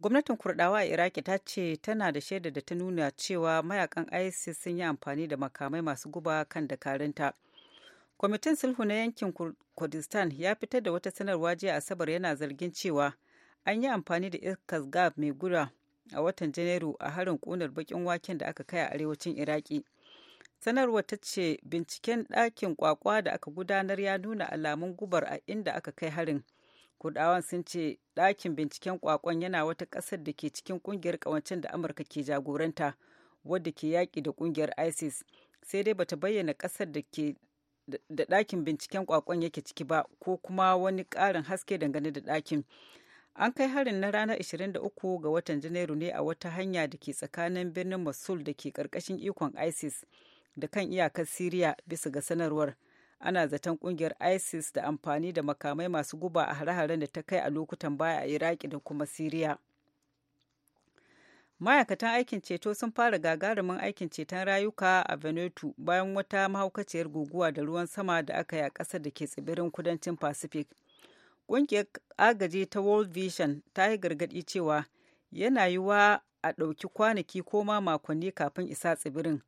gwamnatin kurdawa a iraki ta ce tana da shaida da ta nuna cewa mayakan isis sun yi amfani da makamai masu guba kan dakarunta kwamitin sulhu na yankin kurdistan ya fitar da wata sanarwa jiya asabar yana zargin cewa an yi amfani da iskar gab mai gura a watan janairu a harin kunar bakin waken da aka kai a arewacin iraki sanarwar ta ce binciken ɗakin kwakwa da aka gudanar ya nuna alamun gubar a inda aka kai harin kurdawan sun ce ɗakin binciken kwakwan yana wata ƙasar da ke cikin ƙungiyar ƙawancen da amurka ke jagoranta wadda ke yaƙi da ƙungiyar isis sai dai bata bayyana ƙasar da ke da ɗakin binciken kwakwan yake ciki ba ko kuma wani ƙarin haske dangane da ɗakin an kai harin na ranar 23 ga watan janairu ne a wata hanya da ke tsakanin birnin mosul da ke ƙarƙashin ikon isis da kan iyakar siriya bisa ga sanarwar ana zaton kungiyar isis da amfani da makamai masu guba a hare-haren da ta kai a lokutan baya a iraki da kuma siriya ma'aikatan aikin ceto sun fara gagarumin aikin ceton rayuka a veneto bayan wata mahaukaciyar guguwa da ruwan sama da aka yi a ƙasar da ke tsibirin kudancin pacific ƙungiyar agaji ta world vision ta yi gargaɗi cewa yana yiwuwa a ɗauki kwanaki ko ma makonni kafin isa tsibirin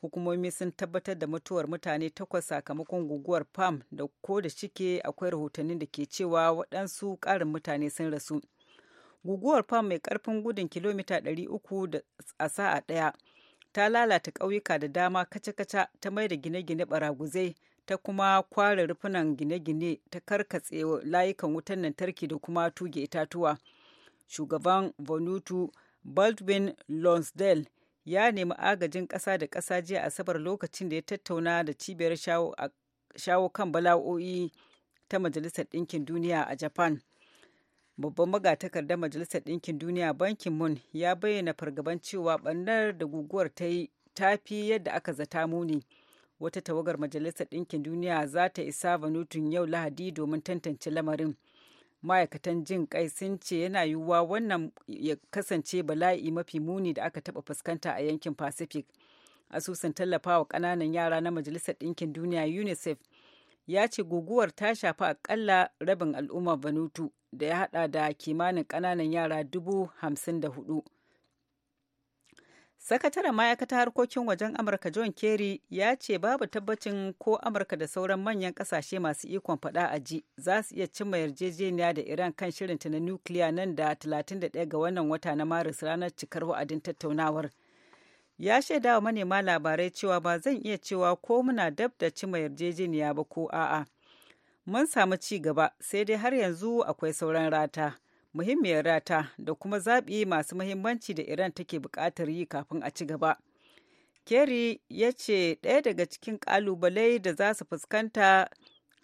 hukumomi sun tabbatar da mutuwar mutane takwas sakamakon guguwar pam da ko da cike akwai rahotanni da ke cewa waɗansu ƙarin mutane sun rasu guguwar pam mai ƙarfin gudun kilomita 300 a sa'a ɗaya ta lalata ƙauyuka da dama kaca-kaca ta mai da gine-gine baraguzai ta kuma kware rufunan gine-gine ta karkatse layukan wutan lantarki da kuma tuge itatuwa shugaban vanutu baldwin lonsdale ya nemi agajin ƙasa da ƙasa jiya asabar lokacin da ya tattauna da cibiyar shawo kan bala'o'i ta majalisar ɗinkin duniya a japan babban magatakardar majalisar ɗinkin duniya bankin mun ya bayyana fargaban cewa ɓannar da guguwar ta yi tafi yadda aka zata muni wata tawagar majalisar ɗinkin duniya za ta isa vanutun yau lahadi domin tantance lamarin ma'aikatan jin kai sun ce yana yiwuwa wannan ya kasance bala'i mafi muni da aka taɓa fuskanta a yankin pacific asusun tallafawa ƙananan yara na majalisar ɗinkin duniya unicef ya ce guguwar ta shafi akalla rabin al'ummar vanutu da ya hada da kimanin ƙananan yara dubu hamsin da hudu Sakataren ma'aikatar harkokin wajen Amurka John Kerry ya ce babu tabbacin ko Amurka da sauran manyan kasashe masu ikon faɗa a ji za su iya cimma yarjejeniya da Iran kan shirinta na nukiliya nan da 31 ga wannan wata na Maris ranar cikar wa'adin tattaunawar. Ya shaida wa manema labarai cewa ba zan iya cewa ko muna dab da cimma yarjejeniya ba ko a'a. Mun samu ci gaba sai dai har yanzu akwai sauran rata. muhimmiyar rata da kuma zaɓi masu muhimmanci da Iran take buƙatar yi kafin a ci gaba. Kerry ya ce ɗaya daga cikin ƙalubale da za su fuskanta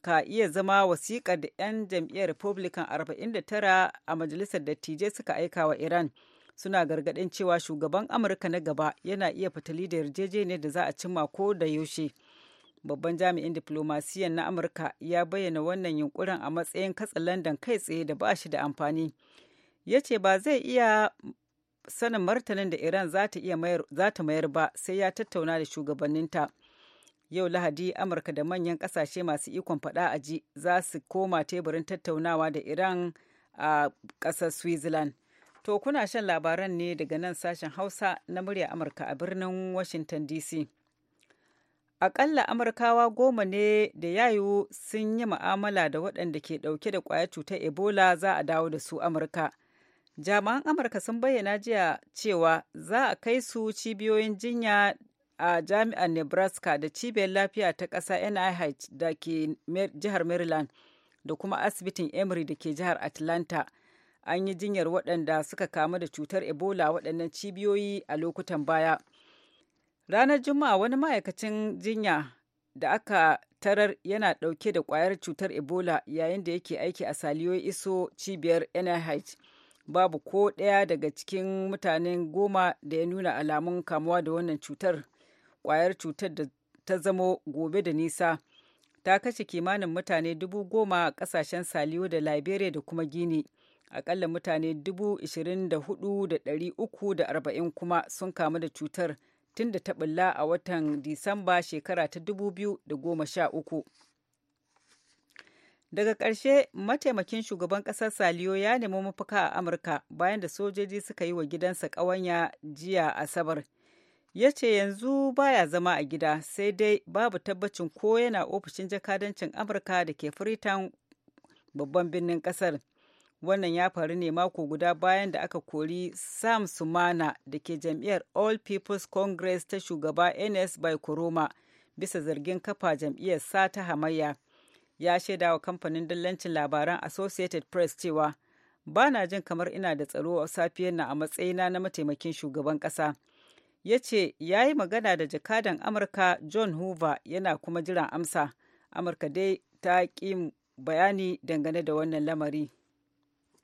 ka iya zama wasiƙar da 'yan jam'iyyar Republican 49 a Majalisar Dattijai suka aika wa Iran. Suna gargaɗin cewa shugaban Amurka na gaba yana iya fitali da yarjejeniyar da za a cimma ko da yaushe. babban jami'in diflomasiyan na amurka ya bayyana wannan yunkurin a matsayin katsalandan kai tsaye da ba shi da amfani ya ce ba zai iya sanin martanin da iran za ta mayar ba sai ya tattauna da shugabanninta yau lahadi amurka da manyan kasashe masu ikon fada a ji za su koma teburin tattaunawa da iran a ƙasar switzerland to kuna shan labaran ne daga nan sashen hausa na murya amurka a birnin washington dc akalla amurkawa goma ne da yayu sun yi ma'amala da waɗanda ke ɗauke da ƙwayar cutar ebola za a dawo da su amurka jami'an amurka sun bayyana jiya cewa za a kai su cibiyoyin jinya a jami'ar nebraska da cibiyar lafiya ta ƙasa nih da ke jihar maryland da kuma asibitin emory da ke jihar atlanta an yi jinyar waɗanda suka kamu da cutar ebola waɗannan cibiyoyi a lokutan baya Ranar Juma'a wani ma'aikacin jinya da aka tarar yana ɗauke da kwayar cutar Ebola yayin da yake aiki a Saliyo iso cibiyar NIH. Babu ko ɗaya daga cikin mutanen goma da ya nuna alamun kamuwa da wannan cutar. Ƙwayar cutar da ta zamo gobe da nisa ta kashe kimanin mutane dubu goma a ƙasashen Saliyo da Liberia da kuma gini Akalla mutane dubu ishirin da hudu da ɗari uku da arba'in kuma sun kamu da cutar. tun da ta bulla a watan Disamba shekara ta 2013. Daga ƙarshe mataimakin shugaban ƙasar Saliyo ya nemi mafaka a Amurka bayan da sojoji suka yi wa gidansa ƙawanya jiya Asabar. Ya ce yanzu baya zama a gida sai dai babu tabbacin ko yana ofishin jakadancin Amurka da ke Freetown babban birnin ƙasar. Wannan ya faru ne mako guda bayan da aka kori Sam Sumana da ke jam'iyyar All People's Congress ta shugaba NS by Koroma bisa zargin kafa jam'iyyar sa ta hamayya. Ya shaida wa kamfanin dillancin labaran Associated Press cewa ba na jin kamar ina da tsaro a safiyar na a matsayina na mataimakin shugaban ƙasa. ya ce ya yi magana da jakadan amurka john hoover yana kuma jiran amsa amurka dai ta ƙi bayani dangane da wannan lamari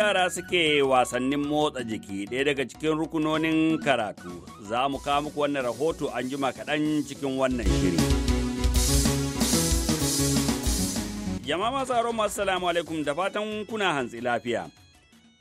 yara suke wasannin motsa jiki ɗaya daga cikin rukunonin karatu za mu kawo muku wannan rahoto an jima kaɗan cikin wannan shiri. Jama'a masu aro masu salamu alaikum da fatan kuna hantsi lafiya.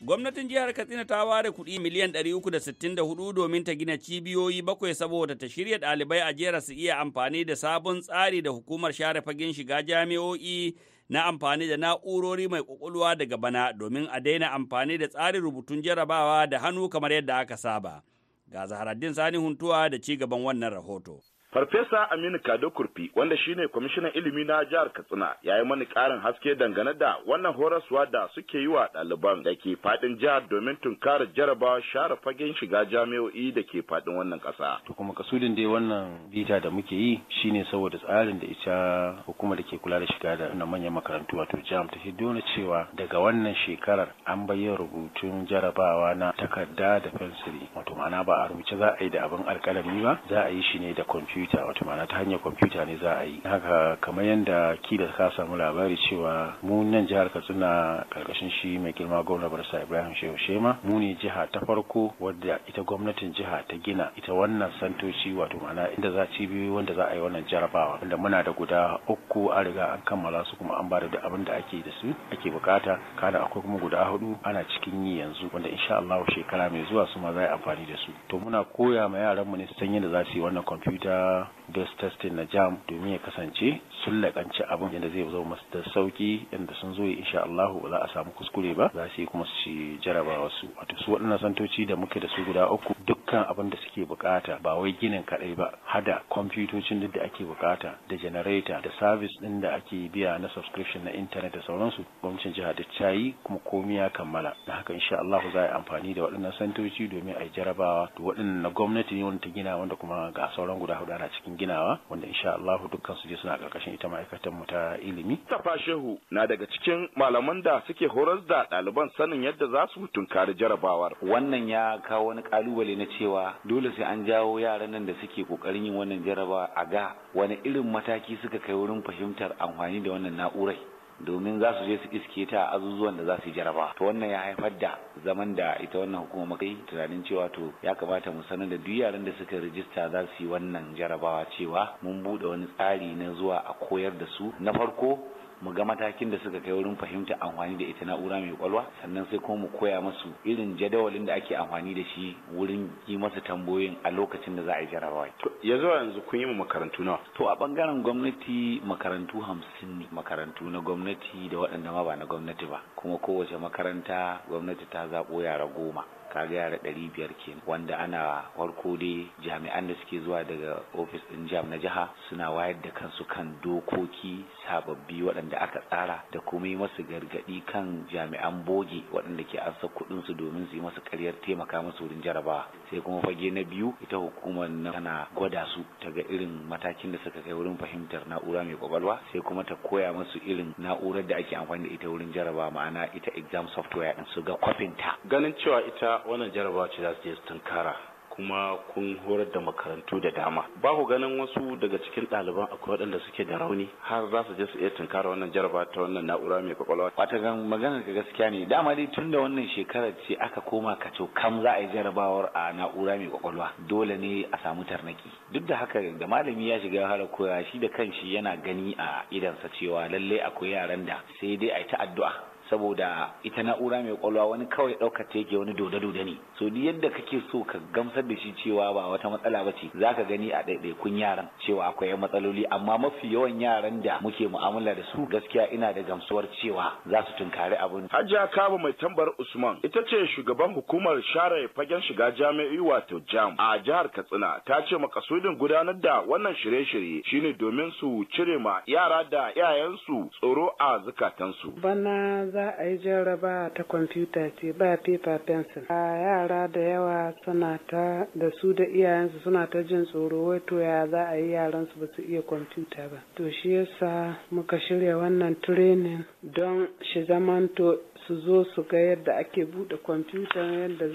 Gwamnatin jihar Katsina ta ware kuɗi miliyan 364 domin ta gina cibiyoyi bakwai saboda ta shirya ɗalibai a jihar su iya amfani da sabon tsari da hukumar share fagen shiga jami'o'i na amfani da na'urori mai ƙwaƙwalwa daga bana domin a daina amfani da tsarin rubutun jarabawa da hannu kamar yadda aka saba. Ga Zaharaddin Sani Huntuwa da ci gaban wannan rahoto. Farfesa Aminu Kado Kurfi wanda shine kwamishinan ilimi na jihar Katsina ya yi mani ƙarin haske dangane da wannan horaswa da suke yi wa ɗaliban da ke faɗin jihar domin tunkara jarabawa share fagen shiga jami'o'i da ke faɗin wannan ƙasa. To kuma kasudin dai wannan bita da muke yi shine saboda tsarin da ita hukumar da ke kula da shiga da na manyan makarantu wato jam ta ke cewa daga wannan shekarar an bayyana rubutun jarabawa na takarda da fensiri wato ma'ana ba a rubuce za a yi da abin alƙalami ba za a yi shi ne da kwamfuta. kwamfuta wato ma'ana ta hanyar kwamfuta ne za a yi haka kamar yadda kila ka samu labari cewa mu nan jihar katsina karkashin shi mai girma gwamna barsa ibrahim shehu shema mu ne jiha ta farko wadda ita gwamnatin jiha ta gina ita wannan santoci wato ma'ana inda za ci biyu wanda za a yi wannan jarabawa wanda muna da guda uku an riga an kammala su kuma an ba da abin da ake da su ake bukata kana akwai kuma guda hudu ana cikin yi yanzu wanda insha Allah shekara mai zuwa su ma za a yi amfani da su to muna koya ma yaran mu ne su san yadda za su yi wannan kwamfuta gas testing na jam domin ya kasance sun lakanci abin yadda zai zama masu da sauki inda sun zo insha Allah ba za a samu kuskure ba za su yi kuma su ci jarabawa su wato su waɗannan santoci da muke da su guda uku dukkan abin da suke bukata ba wai ginin kaɗai ba hada kwamfutocin duk da ake bukata da janareta da sabis ɗin da ake biya na subscription na intanet da sauransu gwamnatin jiha da ta yi kuma komi ya kammala na haka insha Allah za a yi amfani da waɗannan santoci domin a yi jarabawa waɗannan na gwamnati ne wanda ta gina wanda kuma ga sauran guda huɗu ana cikin ginawa wanda insha Allah dukkan su je suna karkashin ita ma'aikatan mu ta ilimi tafa Shehu na daga cikin malaman da suke horar da ɗaliban sanin yadda za su tunkari jarabawar wannan ya kawo wani kalubale na cewa dole sai an jawo yaran nan da suke kokarin yin wannan jarabawa a ga wani irin mataki suka kai wurin fahimtar amfani da wannan na'urai domin za su je su iske ta azuzuwan da za su jaraba to wannan ya haifar da zaman da ita wannan hukuma kai tunanin cewa to ya kamata mu sanar da duk yaran da suka rijista za su yi wannan jarabawa cewa mun bude wani tsari na zuwa a koyar da su na farko mu ga matakin da suka kai wurin fahimta amfani da ita na'ura mai kwalwa sannan sai kuma mu koya masu irin jadawalin da ake amfani da shi wurin yi masa tambayoyin a lokacin da za a yi jarabawa to ya zuwa yanzu kun yi mu makarantu nawa to a bangaren gwamnati makarantu hamsin ne makarantu na gwamnati da waɗanda ma ba na gwamnati ba kuma kowace makaranta gwamnati ta zaɓo yara goma kaga yara ɗari biyar kenan wanda ana farko dai jami'an da suke zuwa daga ofis ɗin jam na jiha suna wayar da kansu kan dokoki sababbi waɗanda aka tsara da kuma yi masu gargaɗi kan jami'an boge waɗanda ke ansa kuɗin su domin su yi masu ƙaryar taimaka masu wurin jarabawa sai kuma fage na biyu ita hukumar na tana gwada su ta ga irin matakin da suka kai wurin fahimtar na'ura mai kwakwalwa sai kuma ta koya masu irin na'urar da ake amfani da ita wurin jarabawa ma'ana ita exam software ɗin su ga kwafinta ganin cewa ita wannan jarabawa ce za su je su tunkara kuma kun horar da makarantu da dama ba ku ganin wasu daga cikin ɗaliban akwai waɗanda suke da rauni har za su je su iya tunkara wannan jaraba ta wannan na'ura mai kwakwalwa wata gan maganar ka gaskiya ne dama dai tun da wannan shekarar ce aka koma kaco kam za a yi jarabawar a na'ura mai kwakwalwa dole ne a samu tarnaki duk da haka da malami ya shiga har koya shi da kanshi yana gani a idansa cewa lallai akwai yaran da sai dai a yi ta addu'a saboda ita na'ura mai kwalwa wani kawai ɗaukar ta yake wani dodo-dodo ne so ni yadda kake so ka gamsar da shi cewa ba wata matsala ba ce zaka gani a ɗaiɗaikun yaran cewa akwai matsaloli amma mafi yawan yaran da muke mu'amala da su gaskiya ina da gamsuwar cewa za su tunkari abin hajiya kaba mai tambar usman ita ce shugaban hukumar share fagen shiga jami'i wato jam a jihar katsina ta ce makasudin gudanar da wannan shirye-shirye shine domin su cire ma yara da iyayensu tsoro a zukatansu bana za a yi jaraba ta kwamfuta ce ba paper pencil a yara da yawa suna ta da su da iyayensu suna ta jin tsoro wai to ya za a yi yaran su ba su iya kwamfuta ba to shi yasa muka shirya wannan training don shi zamanto su zo su ga yadda ake buɗe kwamfuta yadda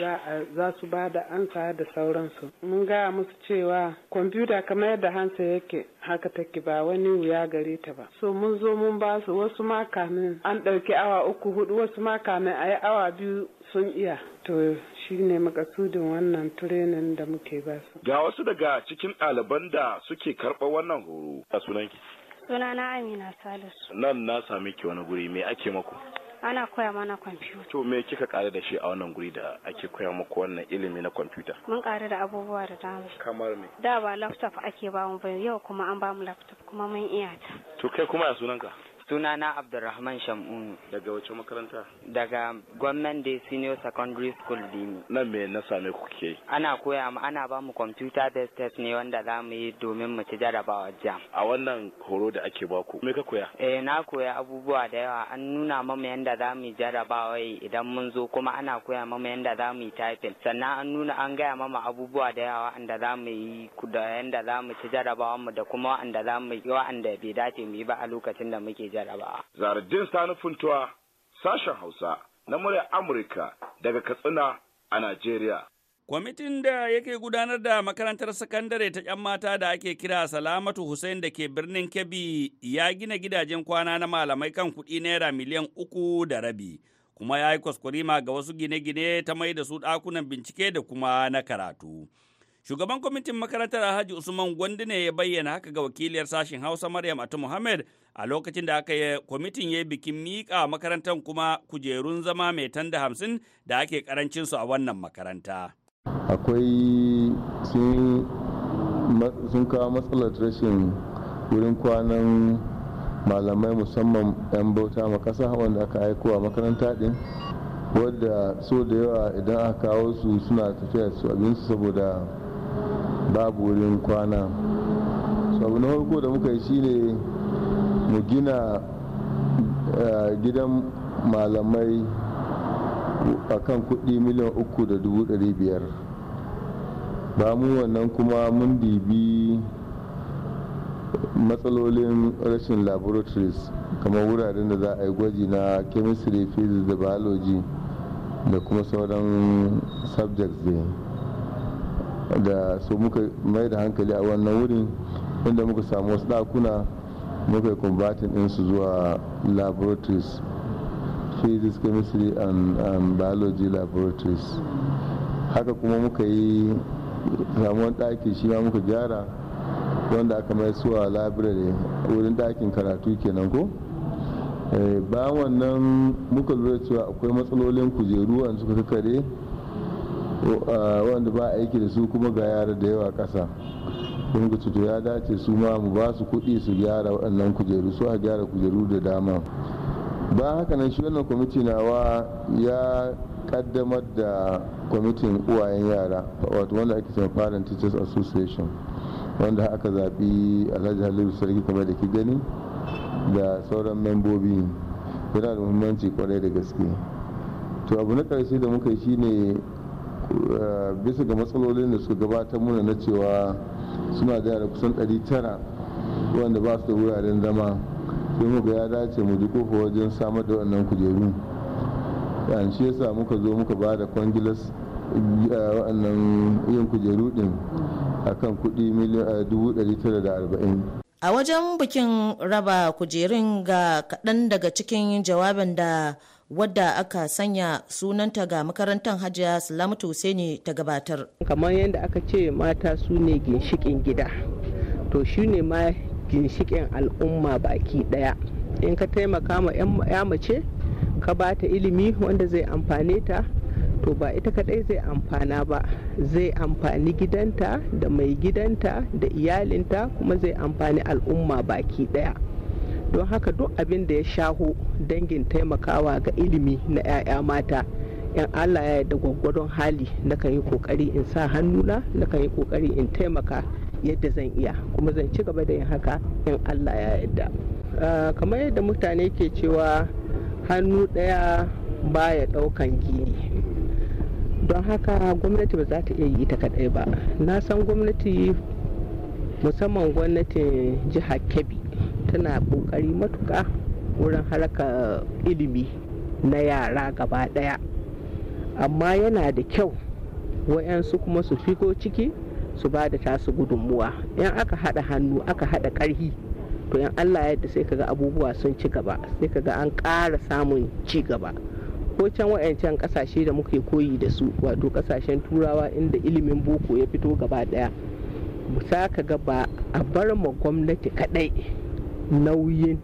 za su ba da ansa da sauransu mun gaya musu cewa kwamfuta kamar yadda hansa yake haka take ba wani wuya gare ta ba so mun zo mun ba su wasu makamin an ɗauki awa uku hudu wasu makamin a yi awa biyu sun iya to shi ne makasudin wannan turenin da muke ba su ga wasu daga cikin ɗaliban da suke karɓa wannan horo a sunanki sunana amina salisu nan na sami ki wani guri me ake maku ana koya mana kwamfuta. To me kika kare da shi a wannan guri da ake koya muku wannan ilimi na kwamfuta? Mun kare da abubuwa da dama. Kamar me? Da ba laptop ake ba mu ba yau kuma an ba mu laptop kuma mun iya ta. To kai kuma ya sunanka? Sunana Abdulrahman Shamunu. Daga wace makaranta? Daga Gwamnan Day Senior Secondary School Dini. Nan me na same kuke? Ana koya mu ana ba mu computer based test ne wanda za mu yi domin mu ci jarabawa jam. A wannan horo da ake ba ku, me ka koya? Eh na koya abubuwa da yawa an nuna mamu yanda za mu yi jarabawa idan mun zo kuma ana koya mamu yanda za mu yi typing. Sannan an nuna an gaya mama abubuwa da yawa wanda za mu yi da yanda za mu ci jarabawa mu da kuma wanda za mu yi wanda bai dace mu yi ba a lokacin da muke jaraba. Zardin Sani Funtuwa, sashen Hausa na murya Amurka daga Katsina a Najeriya. Kwamitin da yake gudanar da makarantar sakandare ta ‘yan mata da ake kira Salamatu Hussein da ke birnin Kebbi ya gina gidajen kwana na malamai kan kuɗi naira miliyan uku da rabi, kuma ya yi kwaskwarima ga wasu gine-gine ta mai da su ɗakunan bincike da kuma na karatu. Shugaban kwamitin makarantar Alhaji Usman Gwandu ne ya bayyana haka ga wakiliyar sashen Hausa Maryam Atu Muhammad a lokacin da aka yi kwamitin ya yi bikin miƙa makarantar kuma kujerun zama mai tanda hamsin da ake karancin su a wannan makaranta. Akwai sun kawo matsalar rashin wurin kwanan malamai musamman 'yan bauta ma ƙasa wanda aka aiko a makaranta din wadda so da yawa idan aka kawo su suna tafiya su abinsu saboda babu wurin kwana sau na farko da muka yi shine mu gina eh, gidan malamai a kan kudi miliyan uku da dubu dari biyar ba mu wannan kuma mun dibi matsalolin rashin laboratories kamar wuraren da za a yi gwaji na chemistry physics da biology da kuma sauran subjects ne da su muka mai da hankali a wannan wurin inda muka samu wasu ɗakuna muka yi kumbatin ɗinsu zuwa laboratories physics chemistry and, and biology laboratories haka kuma muka yi samuwan ɗaki shi ma muka gyara wanda aka mai suwa library wurin ɗakin karatu kenan ko eh, bayan wannan muka lura cewa akwai matsalolin kujeru wanda suka kare wanda ba aiki da su kuma ga yara da yawa kasa sun ga to ya dace su ma mu ba su kuɗi su gyara waɗannan kujeru su a gyara kujeru da dama ba haka nan shi wannan kwamiti nawa ya kaddamar da kwamitin uwayen yara wato wanda ake cewa parent teachers association wanda aka zaɓi alhaji halilu sarki kamar da ke gani da sauran membobi yana da muhimmanci kwarai da gaske to abu na ƙarshe da muka yi shine Eh, bisa ga matsalolin da suka gabatar muna na cewa suna da yara kusan 900 wanda ba su da wuraren zama sai muka ya dace mu ji kofa wajen samar da wannan kujeru yan shi yasa muka zo muka ba da kwangilas eh, wannan yin kujeru din akan kudi miliyan 940 eh, a wajen bikin raba kujerun ga kaɗan daga cikin jawabin da wadda aka sanya sunanta ga makarantar hajiya salamatu ne ta gabatar. Kamar yadda aka ce mata su ne ginshikin gida, to shi ne ma ginshikin al'umma baki daya. In ka taimaka ma 'ya mace, ka ba ta ilimi wanda zai amfane ta, to ba ita kadai zai amfana ba, zai amfani gidanta da mai gidanta da iyalinta kuma zai amfani al'umma baki daya. don haka duk abin da ya shaho dangin taimakawa ga ilimi na 'ya'ya mata yan allah ya yarda gwaggwadon hali na kan yi kokari in sa hannuna na kan yi kokari in taimaka yadda zan iya kuma zan ci gaba da yin haka yan allah ya yadda. Ah, kamar yadda mutane ke cewa hannu ɗaya baya ɗaukan gini don haka gwamnati ba za ta iya yi ta kaɗai ba na san gwamnati musamman gwamnatin jihar kebbi tana ƙoƙari matuka wurin harkar ilimi na yara gaba ɗaya amma yana da kyau wayansu kuma su shigo ciki su ba da tasu gudunmuwa in aka haɗa hannu aka haɗa karhi to in allah yadda sai kaga abubuwa sun ci gaba sai kaga an ƙara samun ci gaba ko can wayancan ƙasashe da muke koyi da su wato ƙasashen turawa inda ilimin boko ya fito gaba ɗaya za ka ga ba a bar ma gwamnati kaɗai nauyin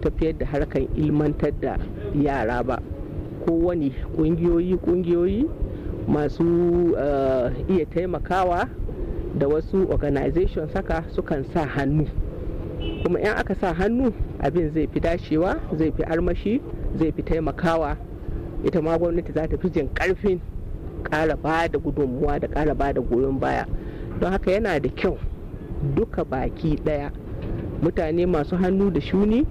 tafiyar da harkar ilmantar da yara ba kowane kungiyoyi kungiyoyi masu eh, iya taimakawa da wasu organization saka sukan sa hannu kuma in aka sa hannu abin zai fi dacewa zai fi armashi zai fi taimakawa ita ma gwamnati za ta fi jin karfin kara ba da gudunmuwa da kara ba da goyon baya don haka yana da kyau duka baki daya mutane masu hannu da shuni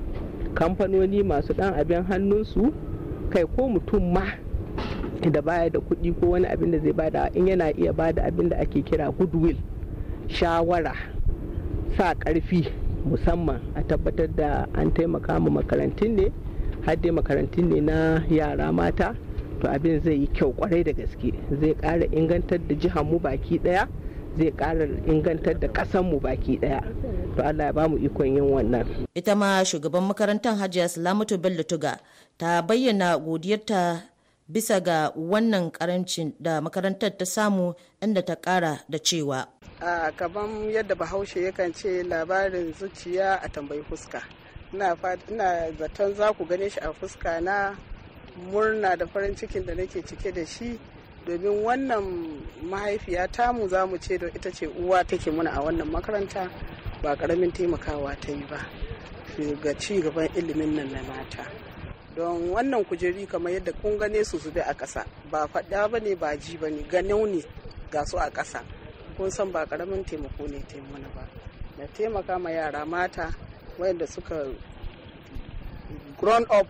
kamfanoni masu dan abin hannunsu kai ko mutum ma da baya da kuɗi ko wani abin da zai bada in yana iya bada abin da ake kira goodwill shawara sa ƙarfi musamman a tabbatar da an taimaka ma makarantun ne haddai makarantun ne na yara mata to abin zai yi kyau kwarai da gaske zai ƙara ingantar da jihar mu baki ɗaya zai ƙara ingantar da ƙasanmu baki ɗaya to Allah ya bamu ikon yin wannan ita ma shugaban makarantar Hajiya Salamatu Bello Tuga ta bayyana godiyarta bisa ga wannan karancin da makarantar ta samu inda ta kara da cewa a kaban yadda bahaushe yakan ce labarin zuciya a tambayi fuska ina zaton za ku gane shi a fuska na murna da farin cikin da nake cike da shi domin wannan mahaifiya mu za mu ce ita ce uwa take muna a wannan makaranta ba karamin taimakawa ta yi ba ga ci gaban ilimin nan na mata don wannan kujeri kamar yadda kun gane su zube a ƙasa ba faɗa ba ne ba ji ba ne ganau ne ga su a ƙasa kun san ba karamin taimako ne taimuna ba na taimaka ma yara mata wayanda suka grown up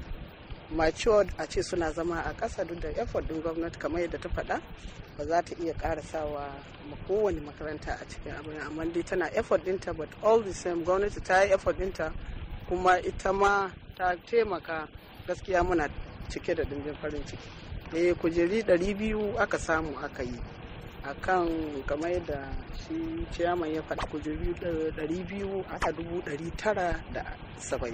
matured a ce suna zama a ƙasa duk da effort din gwamnati kamar yadda ta faɗa ba za ta iya ƙarasawa ma kowane makaranta a cikin abin amma dai tana effort dinta but all the same gwamnati ta yi effort dinta kuma ita ma ta taimaka gaskiya muna cike da dimbin farin ciki e eh, kujeri 200 aka samu aka yi akan kamar yadda shi ciyaman ya faɗa kujeri 200 aka 970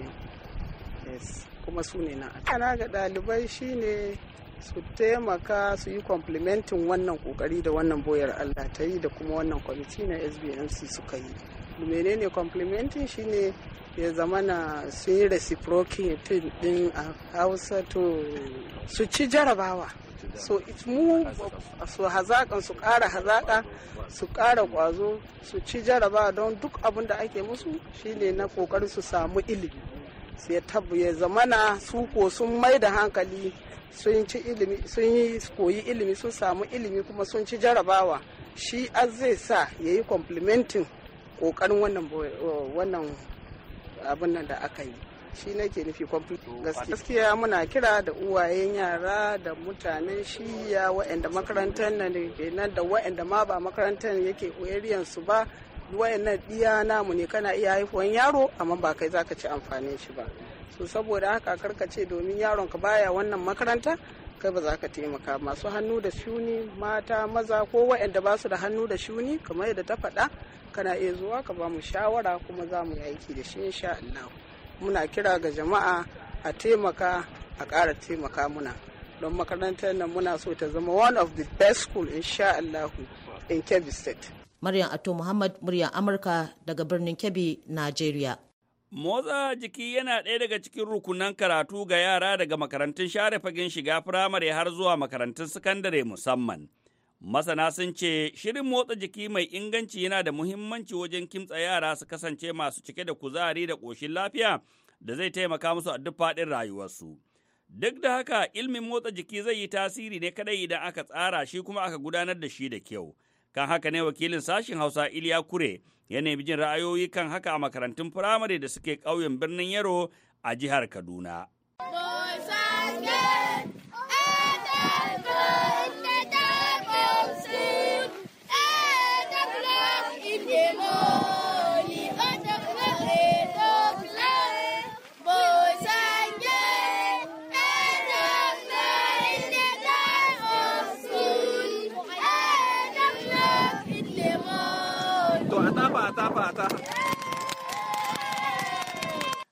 yes kuma su ne na ana ga ɗalibai shine su taimaka su yi complimentin wannan kokari da wannan boyar allah ta yi da kuma wannan kwamiti na sbnc suka yi menene complimentin shine ya zama na sun yi reciprocating din a hausa to su ci jarabawa so mu su hazakan su kara hazaka su kara kwazo su ci jarabawa don duk abin da ake musu shine na kokari su samu ilimi sai ya zamana su ko sun mai da hankali sun ci ilimi sun yi koyi ilimi sun samu ilimi kuma sun ci jarabawa shi az zai sa ya yi complimentin kokarin wannan abin nan da aka yi shi nake nufi gaskiya muna kira da uwayen yara da mutanen shiya waɗanda makarantar nan da waanda ma ba makarantar yake su ba wayan nan ɗiya namu ne kana iya haifuwan yaro amma ba kai zaka ci amfanin shi ba so saboda haka karka ce domin yaron ka baya wannan makaranta kai ba za ka taimaka masu hannu da shuni mata maza ko waɗanda ba su da hannu da shuni kamar yadda ta faɗa kana iya zuwa ka ba mu shawara kuma za mu yi aiki da shi insha Allah muna kira ga jama'a a taimaka a ƙara taimaka muna don makarantar nan muna so ta zama one of the best school insha Allah in Kebbi State Maryam Ato Muhammad muryar Amurka daga birnin Kebbi, Najeriya. Motsa jiki yana ɗaya daga cikin rukunan karatu ga yara daga makarantun share fagen shiga firamare har zuwa makarantun sakandare musamman. Masana sun ce shirin motsa jiki mai inganci yana da muhimmanci wajen kimtsa yara su kasance masu cike da kuzari da ƙoshin lafiya da zai taimaka musu a duk faɗin rayuwarsu. Duk da haka ilmin motsa jiki zai yi tasiri ne kadai idan aka tsara shi kuma aka gudanar da shi da kyau. kan haka ne wakilin sashen hausa iliya kure ya nemi jin ra'ayoyi kan haka a makarantun firamare da suke ƙauyen birnin yaro a jihar kaduna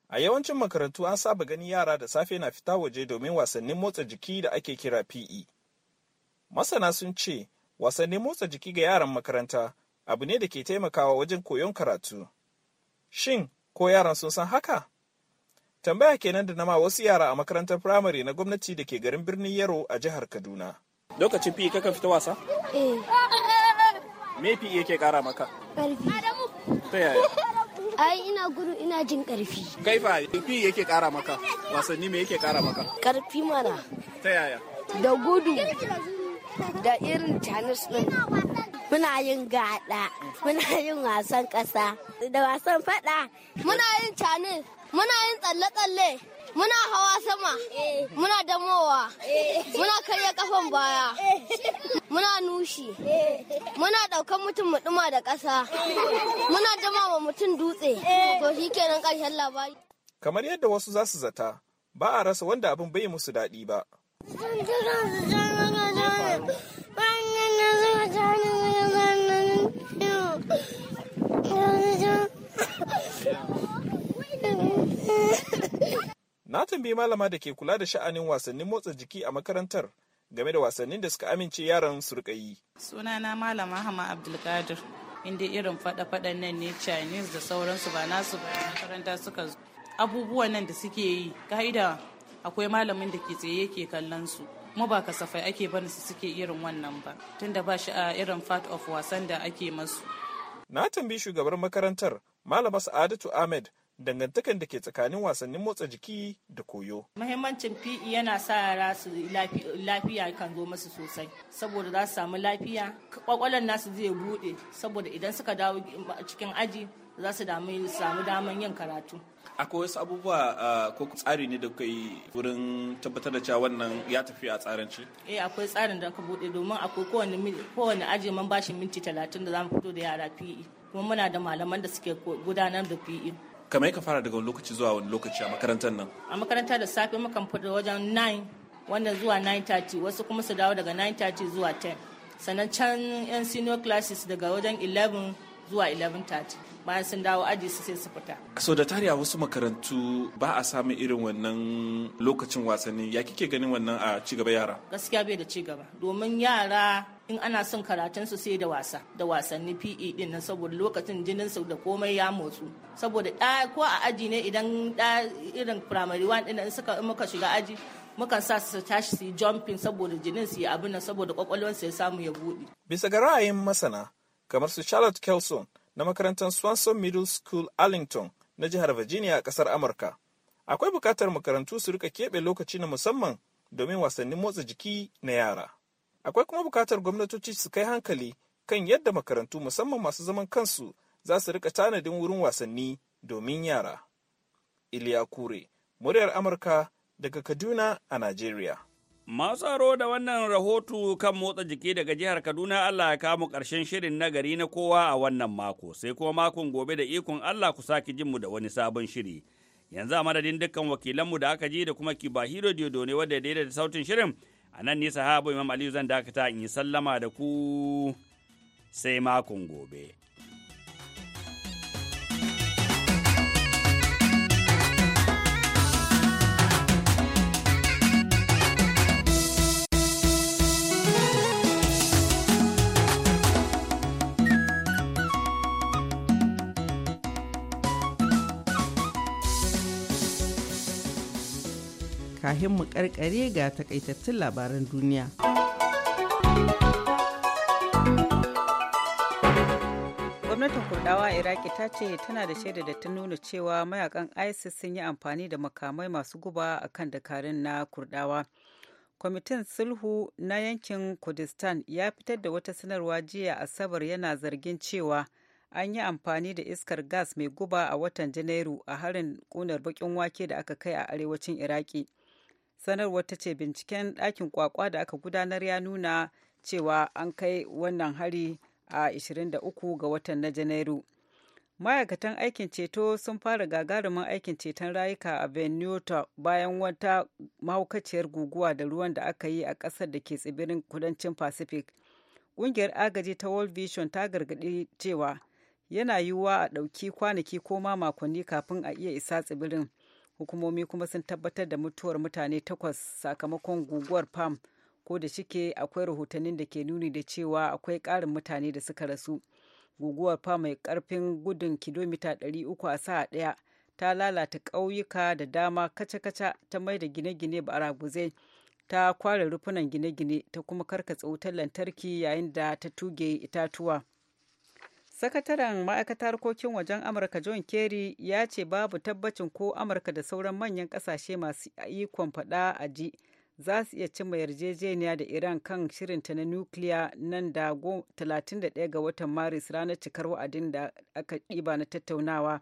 A yawancin makarantu an saba gani yara da safe na fita waje domin wasannin motsa jiki da ake kira PE. Masana sun ce wasannin motsa jiki ga yaran makaranta abu ne da ke taimakawa wajen koyon karatu. Shin ko yaran sun san haka? Tambaya kenan da nama wasu yara a makarantar firamare na gwamnati da ke garin birnin Yaro a jihar Kaduna. Lokacin PE kakan fita wasa? Eh. Me PE yake kara maka? Ƙarfi. ta yaya ai ina gudu ina jin karfi kai fa karfi yake kara maka wasanni me yake kara maka karfi mana ta yaya da gudu da irin tennis din muna yin gada muna yin wasan kasa da wasan fada muna yin tennis muna yin tsalle-tsalle muna hawa sama eh. muna damowa eh. muna karya kafan baya eh. Muna nushi. Muna ɗaukan mutum mu ɗuma da ƙasa. Muna jama wa mutum dutse. To shi kenan ƙarshen labari. Kamar yadda wasu za su zata, ba a rasa wanda abin bai musu daɗi ba. Na tambayi malama da ke kula da sha'anin wasannin motsa jiki a makarantar game da wasannin da suka amince yaran su rika yi. Sunana Malama Hama Abdulkadir. Inda irin faɗa-faɗan nan ne Chinese da sauransu ba nasu ba makaranta suka zo abubuwan nan da suke yi ka'ida akwai malamin da ke tsaye yake kallon su kuma ba kasafai ake barin su suke irin wannan ba tunda ba shi a irin part of wasan da ake masu. Na tambayi shugabar makarantar malamar Sa'adatu Ahmed dangantakan da ke tsakanin wasannin motsa jiki da koyo. Muhimmancin PE yana sa yara su lafiya kan zo masu sosai saboda za su samu lafiya kwakwalon nasu zai bude saboda idan suka dawo cikin aji za su samu daman yin karatu. Akwai wasu abubuwa ko tsari ne da kai wurin tabbatar da cewa wannan ya tafi a tsarin ci? Eh akwai tsarin da aka bude domin akwai kowane aji man bashi minti talatin da za mu fito da yara PE. kuma muna da malaman da suke gudanar da PE kamar ka fara daga lokaci zuwa wani lokaci a makarantar nan a makaranta da safe mukan fito wajen 9 wanda zuwa 9:30 wasu kuma su dawo daga 9:30 zuwa 10 sannan can yan senior classes daga wajen 11 zuwa 11:30 bayan sun dawo aji su sai su fita. So da tariya a wasu makarantu ba a samun irin wannan lokacin wasanni ya kike ganin wannan a cigaba yara? Gaskiya bai da cigaba domin yara in ana son karatun su sai da wasa da wasanni PE din nan saboda lokacin jinin su da komai ya motsu saboda da ko a aji ne idan da irin primary one din nan suka muka shiga aji mukan sa su tashi su yi jumping saboda jinin su yi abin nan saboda kwakwalwar su ya samu ya bude bisa ga ra'ayin masana kamar su Charlotte Kelson na makarantar Swanson Middle School Arlington na jihar Virginia a kasar Amurka akwai bukatar makarantu su rika keɓe lokaci na musamman domin wasannin motsa jiki na yara akwai kuma bukatar gwamnatoci su kai hankali kan yadda makarantu musamman masu zaman kansu za su rika tanadin wurin wasanni domin yara iliya kure muryar amurka daga kaduna a najeriya matsaro da wannan rahoto kan motsa jiki daga jihar Kaduna Allah ya kamu karshen shirin nagari na kowa a wannan mako, sai kuma makon gobe da ikon Allah ku sake jinmu da wani sabon shiri. Yanzu a madadin dukkan wakilanmu da aka ji da kuma Kibahiro Diodo ne wadda ya daidaita sautin shirin. a nan ne sahaba imam aliyu zan dakata in yi sallama da ku sai makon gobe kahin mu karkare ga takaitattun labaran duniya. gwamnatin kurdawa iraki ta ce tana da shaida da ta nuna cewa mayakan isis sun yi amfani da makamai masu guba a kan dakarun na kurdawa kwamitin sulhu na yankin kurdistan ya fitar da wata sanarwa jiya asabar yana zargin cewa an yi amfani da iskar gas mai guba a watan janairu a harin kunar bakin wake da aka kai a arewacin iraki sanarwar ta ce binciken ɗakin kwakwa da aka gudanar ya nuna cewa an kai wannan hari a 23 ga watan na janairu ma'aikatan aikin ceto sun fara gagarumin aikin ceton rayuka a benito bayan wata mahaukaciyar guguwa da ruwan da aka yi a ƙasar da ke tsibirin kudancin pacific ƙungiyar agaji ta world vision ta gargaɗi cewa yana yiwuwa a ɗauki kwanaki ko ma makonni kafin a iya isa tsibirin hukumomi kuma sun tabbatar da mutuwar mutane takwas sakamakon guguwar pam ko da shike akwai rahotannin da ke nuni da cewa akwai ƙarin mutane da suka rasu guguwar pam mai karfin gudun kilomita 300 a sa'a ɗaya ta lalata ƙauyuka da dama kaca-kaca ta mai da gine-gine baraguzai ta kware rufunan gine-gine ta kuma karkatsa wutar lantarki yayin da ta tuge itatuwa sakataren ma'aikatar harkokin wajen amurka john kerry ya ce babu tabbacin ko amurka da sauran manyan kasashe masu ikon faɗa a ji za su iya cimma yarjejeniya da iran kan shirinta na nukiliya nan da 31 ga watan maris ranar cikar wa'adin da aka ɗiba na tattaunawa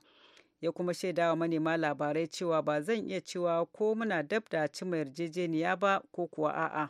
ya kuma shaidawa manema labarai cewa ba zan iya cewa ko muna dab da cimma yarjejeniya ba ko kuwa a'a.